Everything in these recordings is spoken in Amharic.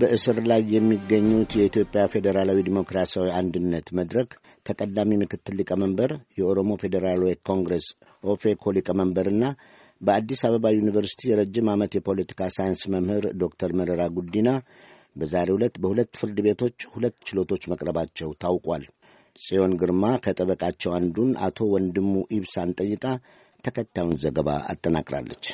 በእስር ላይ የሚገኙት የኢትዮጵያ ፌዴራላዊ ዲሞክራሲያዊ አንድነት መድረክ ተቀዳሚ ምክትል ሊቀመንበር የኦሮሞ ፌዴራላዊ ኮንግረስ ኦፌኮ ሊቀመንበርና በአዲስ አበባ ዩኒቨርሲቲ የረጅም ዓመት የፖለቲካ ሳይንስ መምህር ዶክተር መረራ ጉዲና በዛሬ ዕለት በሁለት ፍርድ ቤቶች ሁለት ችሎቶች መቅረባቸው ታውቋል። ጽዮን ግርማ ከጠበቃቸው አንዱን አቶ ወንድሙ ኢብሳን ጠይቃ ተከታዩን ዘገባ አጠናቅራለች።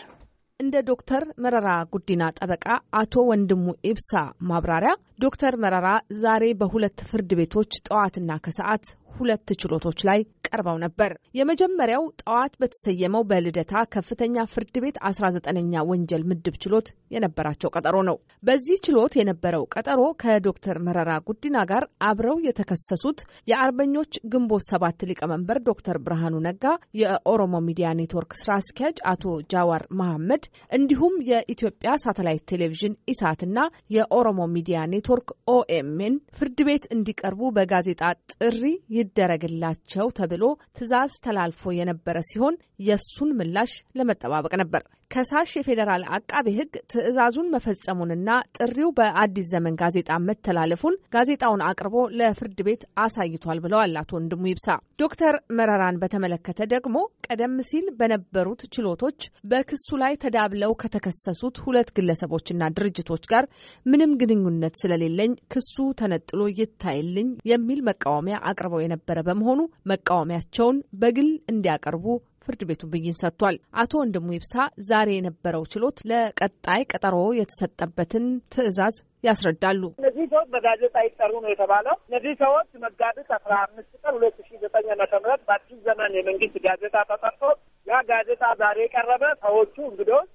እንደ ዶክተር መረራ ጉዲና ጠበቃ አቶ ወንድሙ ኢብሳ ማብራሪያ ዶክተር መረራ ዛሬ በሁለት ፍርድ ቤቶች ጠዋትና ከሰዓት ሁለት ችሎቶች ላይ ቀርበው ነበር። የመጀመሪያው ጠዋት በተሰየመው በልደታ ከፍተኛ ፍርድ ቤት 19ኛ ወንጀል ምድብ ችሎት የነበራቸው ቀጠሮ ነው። በዚህ ችሎት የነበረው ቀጠሮ ከዶክተር መረራ ጉዲና ጋር አብረው የተከሰሱት የአርበኞች ግንቦት ሰባት ሊቀመንበር ዶክተር ብርሃኑ ነጋ፣ የኦሮሞ ሚዲያ ኔትወርክ ስራ አስኪያጅ አቶ ጃዋር መሐመድ እንዲሁም የኢትዮጵያ ሳተላይት ቴሌቪዥን ኢሳትና የኦሮሞ ሚዲያ ኔትወርክ ኦኤምኤን ፍርድ ቤት እንዲቀርቡ በጋዜጣ ጥሪ ይደረግላቸው ተብሎ ትዕዛዝ ተላልፎ የነበረ ሲሆን የእሱን ምላሽ ለመጠባበቅ ነበር። ከሳሽ የፌዴራል አቃቤ ሕግ ትዕዛዙን መፈጸሙንና ጥሪው በአዲስ ዘመን ጋዜጣ መተላለፉን ጋዜጣውን አቅርቦ ለፍርድ ቤት አሳይቷል ብለዋል አቶ ወንድሙ ይብሳ። ዶክተር መረራን በተመለከተ ደግሞ ቀደም ሲል በነበሩት ችሎቶች በክሱ ላይ ተዳብለው ከተከሰሱት ሁለት ግለሰቦችና ድርጅቶች ጋር ምንም ግንኙነት ስለሌለኝ ክሱ ተነጥሎ ይታይልኝ የሚል መቃወሚያ አቅርበው የነበረ በመሆኑ መቃወሚያቸውን በግል እንዲያቀርቡ ፍርድ ቤቱ ብይን ሰጥቷል። አቶ ወንድሙ ይብሳ ዛሬ የነበረው ችሎት ለቀጣይ ቀጠሮ የተሰጠበትን ትዕዛዝ ያስረዳሉ። እነዚህ ሰዎች በጋዜጣ ይጠሩ ነው የተባለው። እነዚህ ሰዎች መጋቢት አስራ አምስት ቀን ሁለት ሺ ዘጠኝ ዓመተ ምህረት በአዲስ ዘመን የመንግስት ጋዜጣ ተጠርቶ ያ ጋዜጣ ዛሬ የቀረበ ሰዎቹ እንግዶች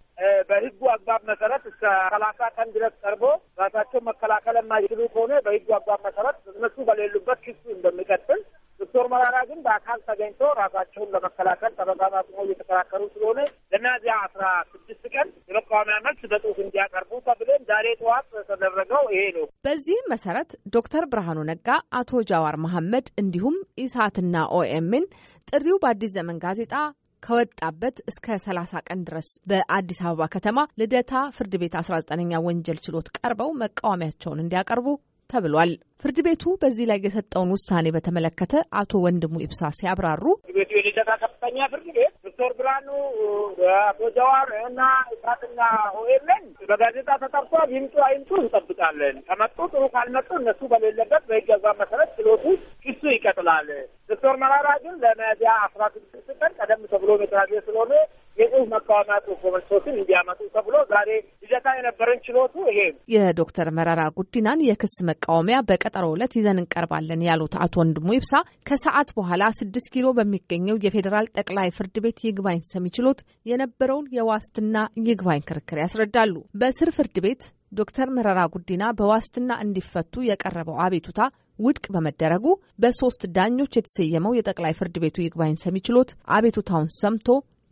በህጉ አግባብ መሰረት እስከ ሰላሳ ቀን ድረስ ቀርቦ ራሳቸው መከላከል የማይችሉ ከሆነ በህጉ አግባብ መሰረት እነሱ በሌሉበት ክሱ በአካል ተገኝቶ ራሳቸውን ለመከላከል ጠበቃ አቁመው እየተከራከሩ ስለሆነ ለእነዚያ አስራ ስድስት ቀን የመቃወሚያ መልስ በጽሁፍ እንዲያቀርቡ ተብለን ዛሬ ጠዋት ተደረገው ይሄ ነው። በዚህም መሰረት ዶክተር ብርሃኑ ነጋ፣ አቶ ጃዋር መሐመድ እንዲሁም ኢሳትና ኦኤምን ጥሪው በአዲስ ዘመን ጋዜጣ ከወጣበት እስከ 30 ቀን ድረስ በአዲስ አበባ ከተማ ልደታ ፍርድ ቤት 19ኛ ወንጀል ችሎት ቀርበው መቃወሚያቸውን እንዲያቀርቡ ተብሏል። ፍርድ ቤቱ በዚህ ላይ የሰጠውን ውሳኔ በተመለከተ አቶ ወንድሙ ኢብሳ ሲያብራሩ ቤቱ የልደታ ከፍተኛ ፍርድ ቤት ዶክተር ብርሃኑ አቶ ጀዋር እና እሳትና ሆኤለን በጋዜጣ ተጠርቶ ይምጡ አይምጡ እንጠብቃለን። ከመጡ ጥሩ፣ ካልመጡ እነሱ በሌለበት በሕግ መሰረት ችሎቱ ክሱ ይቀጥላል። ዶክተር መራራ ግን ለሚያዝያ አስራ ስድስት ቀን ቀደም ተብሎ ሜትራጌ ስለሆነ የጽሁፍ መቃወሚያ ጽሁፎችን እንዲያመጡ ተብሎ ዛሬ ይዘታ የነበረን ችሎቱ ይሄ የዶክተር መረራ ጉዲናን የክስ መቃወሚያ በቀጠሮ ዕለት ይዘን እንቀርባለን ያሉት አቶ ወንድሙ ይብሳ ከሰዓት በኋላ ስድስት ኪሎ በሚገኘው የፌዴራል ጠቅላይ ፍርድ ቤት ይግባኝ ሰሚ ችሎት የነበረውን የዋስትና ይግባኝ ክርክር ያስረዳሉ። በስር ፍርድ ቤት ዶክተር መረራ ጉዲና በዋስትና እንዲፈቱ የቀረበው አቤቱታ ውድቅ በመደረጉ በሶስት ዳኞች የተሰየመው የጠቅላይ ፍርድ ቤቱ ይግባኝ ሰሚ ችሎት አቤቱታውን ሰምቶ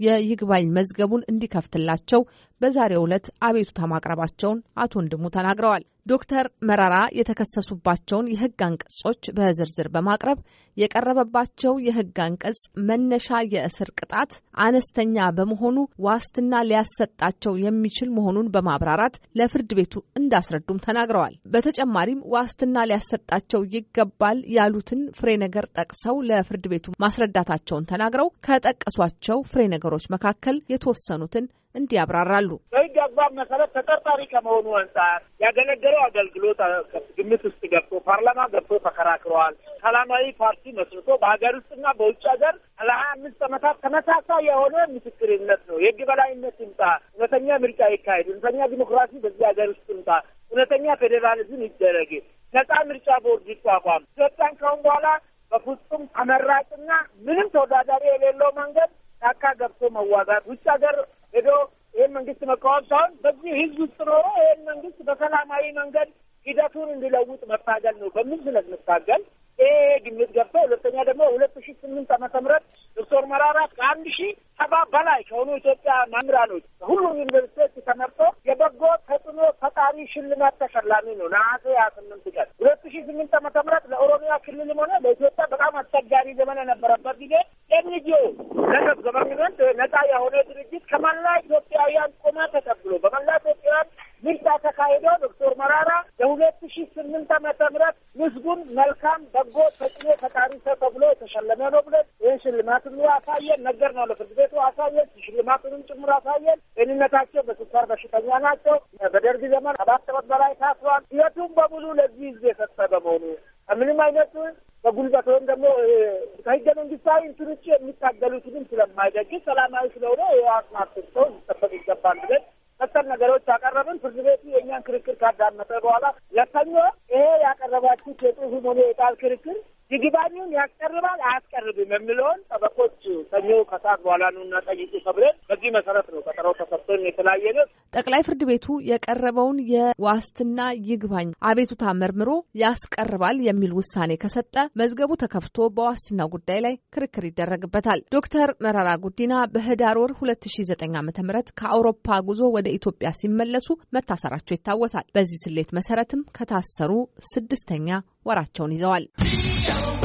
የይግባኝ መዝገቡን እንዲከፍትላቸው በዛሬው ዕለት አቤቱታ ማቅረባቸውን አቶ ወንድሙ ተናግረዋል። ዶክተር መራራ የተከሰሱባቸውን የህግ አንቀጾች በዝርዝር በማቅረብ የቀረበባቸው የህግ አንቀጽ መነሻ የእስር ቅጣት አነስተኛ በመሆኑ ዋስትና ሊያሰጣቸው የሚችል መሆኑን በማብራራት ለፍርድ ቤቱ እንዳስረዱም ተናግረዋል። በተጨማሪም ዋስትና ሊያሰጣቸው ይገባል ያሉትን ፍሬ ነገር ጠቅሰው ለፍርድ ቤቱ ማስረዳታቸውን ተናግረው ከጠቀሷቸው ፍሬ ነገሮች መካከል የተወሰኑትን እንዲህ ያብራራሉ። በህግ አግባብ መሰረት ተጠርጣሪ ከመሆኑ አንጻር ያገለገለው አገልግሎት ግምት ውስጥ ገብቶ ፓርላማ ገብቶ ተከራክረዋል። ሰላማዊ ፓርቲ መስርቶ በሀገር ውስጥና በውጭ ሀገር ለሀያ አምስት ዓመታት ተመሳሳይ የሆነ ምስክርነት ነው። የህግ በላይነት ይምጣ፣ እውነተኛ ምርጫ ይካሄድ፣ እውነተኛ ዲሞክራሲ በዚህ ሀገር ውስጥ ይምጣ፣ እውነተኛ ፌዴራሊዝም ይደረግ፣ ነጻ ምርጫ ቦርድ ይቋቋም፣ ኢትዮጵያን ከአሁን በኋላ በፍጹም ተመራጭና ምንም ተወዳዳሪ የሌለው መንገድ ጫካ ገብቶ መዋጋት ውጭ ሀገር ሄዶ ይህን መንግስት መቃወም ሳይሆን በዚህ ህዝብ ውስጥ ኖሮ ይህን መንግስት በሰላማዊ መንገድ ሂደቱን እንዲለውጥ መታገል ነው በምን በሚል ስለምታገል ይሄ ግምት ገብቶ ሁለተኛ ደግሞ ሁለት ሺ ስምንት ዓመተ ምህረት ዶክተር መራራ ከአንድ ሺ ሰባ በላይ ከሆኑ ኢትዮጵያ መምህራኖች ሁሉም ዩኒቨርሲቲዎች ተመርጦ ሽልማት ተሸላሚ ነው። ነሐሴ ሀያ ስምንት ቀን ሁለት ሺ ስምንት ዓመተ ምህረት ለኦሮሚያ ክልልም ሆነ ለኢትዮጵያ በጣም አስቸጋሪ ዘመን የነበረበት ጊዜ ኤንጂኦ ነገብ ገቨርንመንት ነጻ የሆነ ድርጅት ከመላ ኢትዮጵያውያን ቆማ ተቀብሎ በመላ ኢትዮጵያውያን ምርጫ ተካሂዶ ዶክተር መራራ ለሁለት ሺ ስምንት ዓመተ ምህረት ምስጉን መልካም በጎ ተጽዕኖ ፈጣሪ ሰው ተብሎ የተሸለመ ነው ብሎ ሽልማት ሁሉ አሳየን። ነገር ነው ለፍርድ ቤቱ አሳየን። ሽልማቱንም ጭምር አሳየን። ጤንነታቸው በስኳር በሽተኛ ናቸው። በደርግ ዘመን ሰባት ዓመት በላይ ታስሯል። ህይወቱም በሙሉ ለዚህ ህዝብ የሰጠ በመሆኑ ምንም አይነት በጉልበት ወይም ደግሞ ከህገ መንግስታዊ እንትን ውጭ የሚታገሉትንም ስለማይደግፍ ሰላማዊ ስለሆነ የዋስማት ሰው ሊጠበቅ ይገባል ብለን መሰል ነገሮች ያቀረብን ፍርድ ቤቱ የእኛን ክርክር ካዳመጠ በኋላ ለሰኞ ይሄ ያቀረባችሁት የጽሁፍም ሆነ የቃል ክርክር ይግባኙን ያስቀርባል አያስቀርብም የሚለውን ጠበቆች ሰኞ ከሰዓት በኋላ ነው እና ጠይቁ ተብለን በዚህ መሰረት ነው ቀጠሮ ተሰጥቶን የተለያየ ነው። ጠቅላይ ፍርድ ቤቱ የቀረበውን የዋስትና ይግባኝ አቤቱታ መርምሮ ያስቀርባል የሚል ውሳኔ ከሰጠ መዝገቡ ተከፍቶ በዋስትና ጉዳይ ላይ ክርክር ይደረግበታል። ዶክተር መረራ ጉዲና በህዳር ወር 2009 ዓ ም ከአውሮፓ ጉዞ ወደ ኢትዮጵያ ሲመለሱ መታሰራቸው ይታወሳል። በዚህ ስሌት መሰረትም ከታሰሩ ስድስተኛ ወራቸውን ይዘዋል።